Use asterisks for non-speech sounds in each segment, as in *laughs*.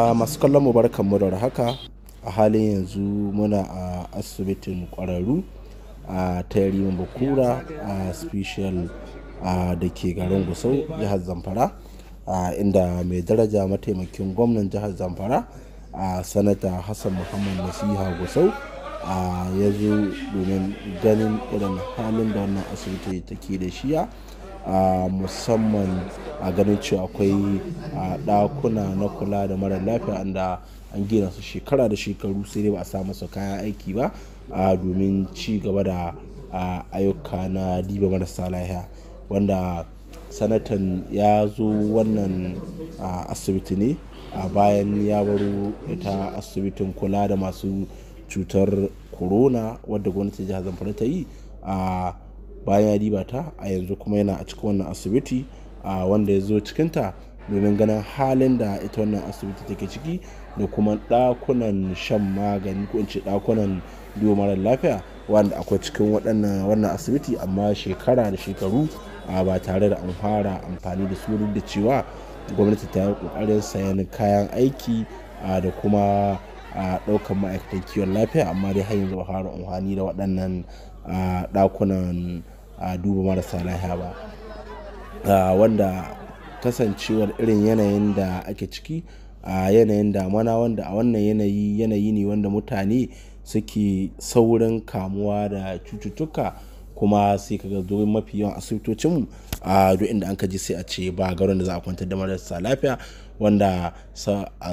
A masu kallon mu barkan mu haka a halin yanzu muna a asibitin kwararru a ta Yariman Bakura a special da ke garin Gusau jihar Zamfara inda mai daraja mataimakin gwamnan jihar Zamfara a sanata Hassan Muhammad Nasiha Gusau a ya zo domin ganin irin halin da wannan asibiti take da shiya. a musamman a ganin cewa akwai dakuna na kula da mara lafiya inda an gina su shekara da shekaru sai dai ba a sa musu kayan aiki ba a domin ci gaba da ayyuka na diba marasa lafiya wanda sanatan ya zo wannan asibiti ne a bayan ya baro ita asibitin kula da masu cutar corona wadda gwamnati jihar zamfara ta yi a bayan ya diba ta a yanzu kuma yana a cikin wannan asibiti a wanda ya zo cikinta domin ganin halin da ita wannan asibiti take ciki da kuma ɗakunan shan magani ko in ce ɗakunan biyu marar lafiya wanda akwai cikin waɗannan wannan asibiti amma shekara da shekaru a ba tare da an fara amfani da su da cewa gwamnati ta yi ƙoƙarin sayan kayan aiki da kuma a ɗaukar ma'aikatan kiwon lafiya amma dai har yanzu ba fara amfani da waɗannan ɗakunan a duba marasa lafiya ba wanda kasancewar irin yanayin da ake ciki a yanayin damana wanda a wannan yanayi yanayi ne wanda mutane suke saurin kamuwa da cututtuka kuma sai kaga domin mafi yawan asibitocinmu a duk inda an kaji sai a ce ba garin da za a kwantar da marasa lafiya wanda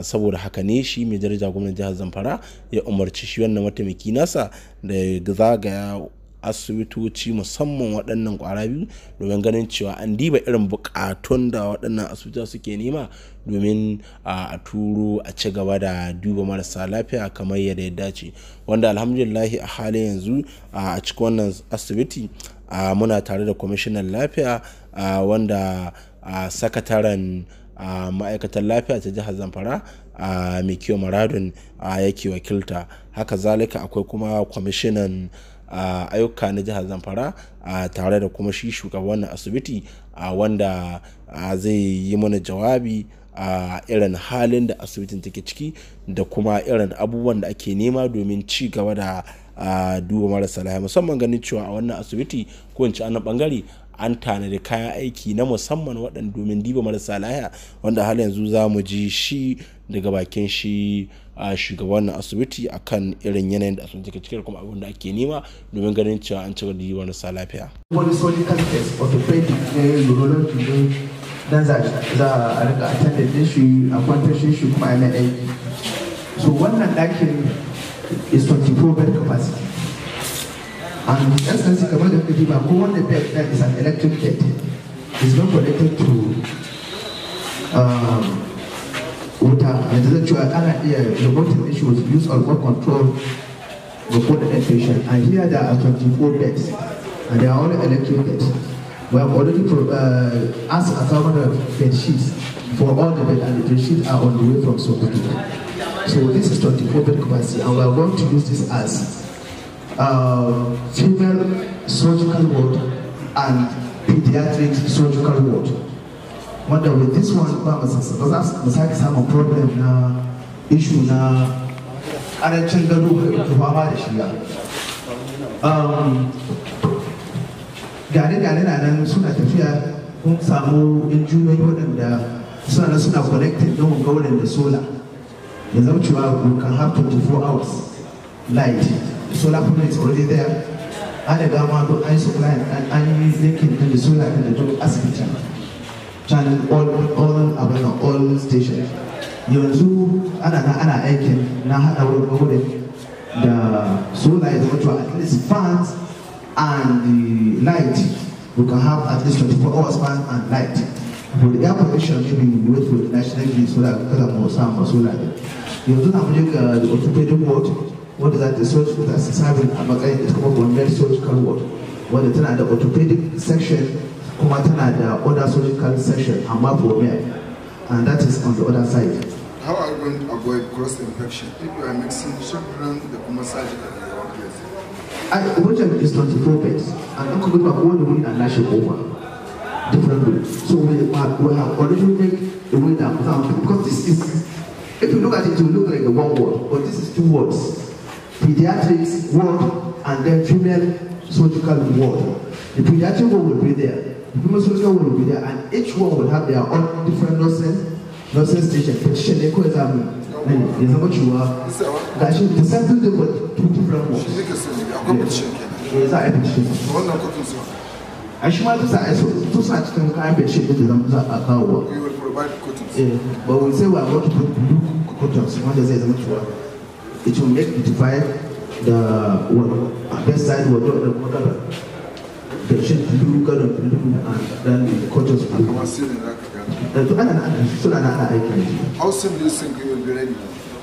saboda haka ne shi mai daraja gwamnan jihar zamfara ya umarci shi wannan mataimaki nasa da zagaya asibitoci musamman waɗannan ƙwara biyu domin ganin cewa an diba irin buƙatun da waɗannan asibitoci suke nema domin a turo a ci gaba da duba marasa lafiya kamar yadda ya dace wanda alhamdulillahi a halin yanzu a cikin wannan asibiti muna tare da kwamishinan lafiya wanda sakataren a ma'aikatar lafiya ta jihar zamfara a mikiyo maradun yake wakilta haka zalika akwai kuma kwamishinan a ayyuka na jihar zamfara a tare da kuma shi shugaban asibiti a wanda zai yi mana jawabi a irin halin da asibitin take ciki da kuma irin abubuwan da ake nema domin ci gaba da duba marasa lafiya musamman ganin cewa a wannan asibiti ko in ci bangare an tanadi kayan aiki na musamman waɗanda domin diba marasa lahiya wanda har yanzu za mu ji shi daga bakin shi a shugaban asibiti akan irin yanayin da asibiti ke cikin kuma abin da ake nema domin ganin cewa an cigaba da yi marasa lafiya. dan za a rika attendant din shi a kwantar shi kuma na aiki so wannan ɗakin is 24 bed capacity And just as you come out of the river, go on the bed that is an electric bed. It's not connected to um, water. And that's why other ear, the water issues, use or what control before the code And here there are 24 beds. And they are all electric beds. We have already pro- uh, asked a thousand of bed sheets for all the bed, and the bed sheets are on the way from Sokoto. So this is 24 bed capacity, and we are going to use this as female uh, surgical ward and pediatric surgical ward wanda with this one ba mu sake samun problem na issue na karancin gado da fama da shiga gane-gane na nan suna tafiya kun samu injiniyoyi waɗanda suna nan suna connected don wanga waɗanda solar ya zama cewa we can have 24 hours light solar panel is already there And the government duk an supply an yi linking to the solar din da duk asibiti channel all all about all station yanzu ana na ana aikin na haɗa wurin wurin da solar is mutuwa at least fans and the light we can have at least 24 hours fans and light for the air pollution, maybe we wait for the national grid so that we can have more sun samu solar yanzu na mu je ga the orthopedic ward wanda za The search for as sabin a matsayin ita kuma wannan surgical ward wanda tana The orthopedic section kuma tana da other surgical section amma for men and that is on the other side. How are we going to avoid cross infection if we are mixing children da kuma surgical da yawan place? Project is 24 beds and in kuma ko wani wuri na lashe goma. Different way. So we have, we have already made the way that um, because this is, if you look at it, it will look like a one word, but this is two words pediatrics ward, and then female surgical ward. The pediatric ward will be there, the female surgical ward will be there, and each one will have their own different nurses, nurses station, petition, echo exam, and there's a much you are. That should be settled with two different wards. Yes, I petition. a shi ma tusa a tusa cikin kayan beshe da zan za a kawo ba. We will provide cottons. Eh, but we say we are going to put blue cottons say? zai zama cewa it will make it the what best side will do the model the shit blue color blue and then the colors blue. How soon do you think you will be ready?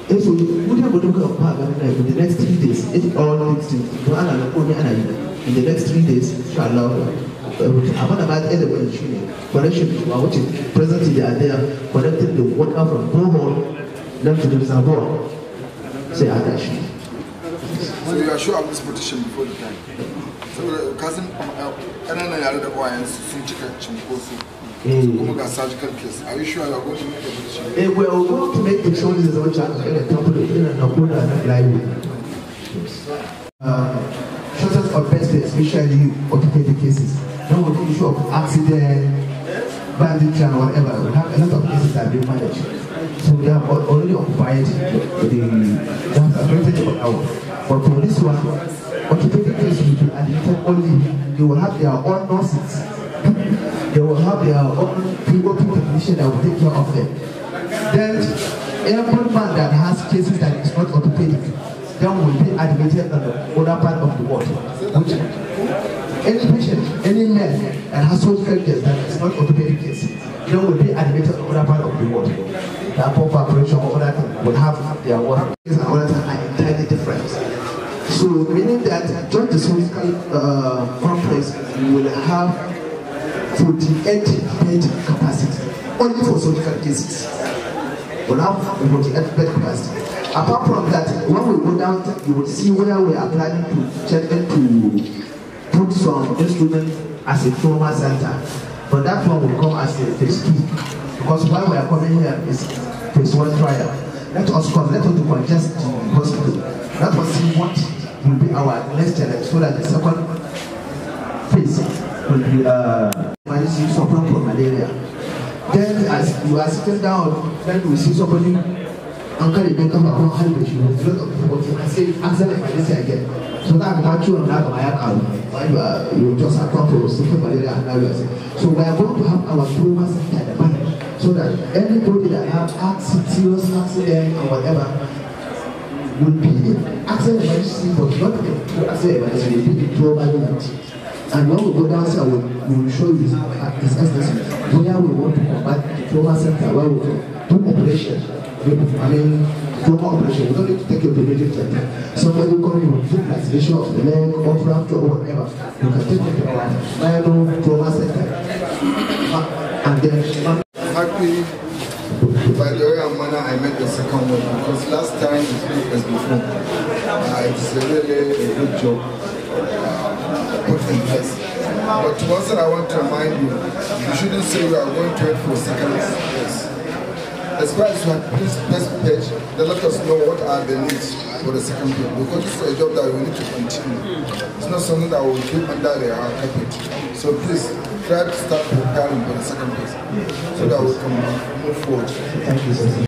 Yes, we would have to go back uh, in the next three days. If all in the next three days, inshallah. abin da ma tsaye da wani shine connection a wuce presently da idea connecting the water from borehole Then to the reservoir Say So you are sure of this petition before uh, um, uh, the time? Mm. Are you sure you are going to make a petition? Eh, we are going to make the in a couple of in a and a Lywood. Uh, shortest especially orthopedic cases. Now issue of accident, banditry and whatever, we have a lot of cases that we manage they have already occupied the they have advantage of our. But for this one, orthopedic case will be admitted only. They will have their own nurses. *laughs* They will have their own people to technician that will take care of them. Then every man that has cases that is not orthopedic, then will be admitted on the other part of the world. Which any patient, any man that has social failures that is not orthopedic. Yeah, what? I entirely different. So meaning that just the surgical uh, complex will have 48 bed capacity only for surgical cases. We'll have 48 bed capacity. Apart from that, when we go down, you will see where we are planning to check in to put some instruments as a trauma center. But that one will come as a phase two. Because why we are coming here is phase one trial. Let us cause, let us to just the hospital. Let us see what will be our next challenge so that the second phase will be uh, you suffering from malaria. Then as you are sitting down, then we see somebody Uncle, you idan kafa kuma har da shi ne lot of people sai an sanar da sai again so that ma ciwon na gaba ya karu why uh, you just account for malaria and now so we are going to have our trauma center so that anybody that have accident, serious accident or whatever will be there. Accident emergency, but not the accident emergency, they be the global unit. And when we go downstairs, we will show you His Excellency where we want to combat the trauma center, where we do operation. I mean, trauma operation, we don't need to take you to major center. Somebody will come in with foot activation of the leg, or fracture, or whatever. You can take them to our final trauma center. Uh, and then, happy by the way and manner I met the second one because last time it was as before. Uh, it's really a good job uh, put But once I want to remind you, you shouldn't say you are going to wait for second place. As far as you have please page, then let us know what are the needs for the second period because this is a job that we need to continue. It's not something that will keep under our carpet. So please try to start preparing for the second place so that we can move forward. Thank you.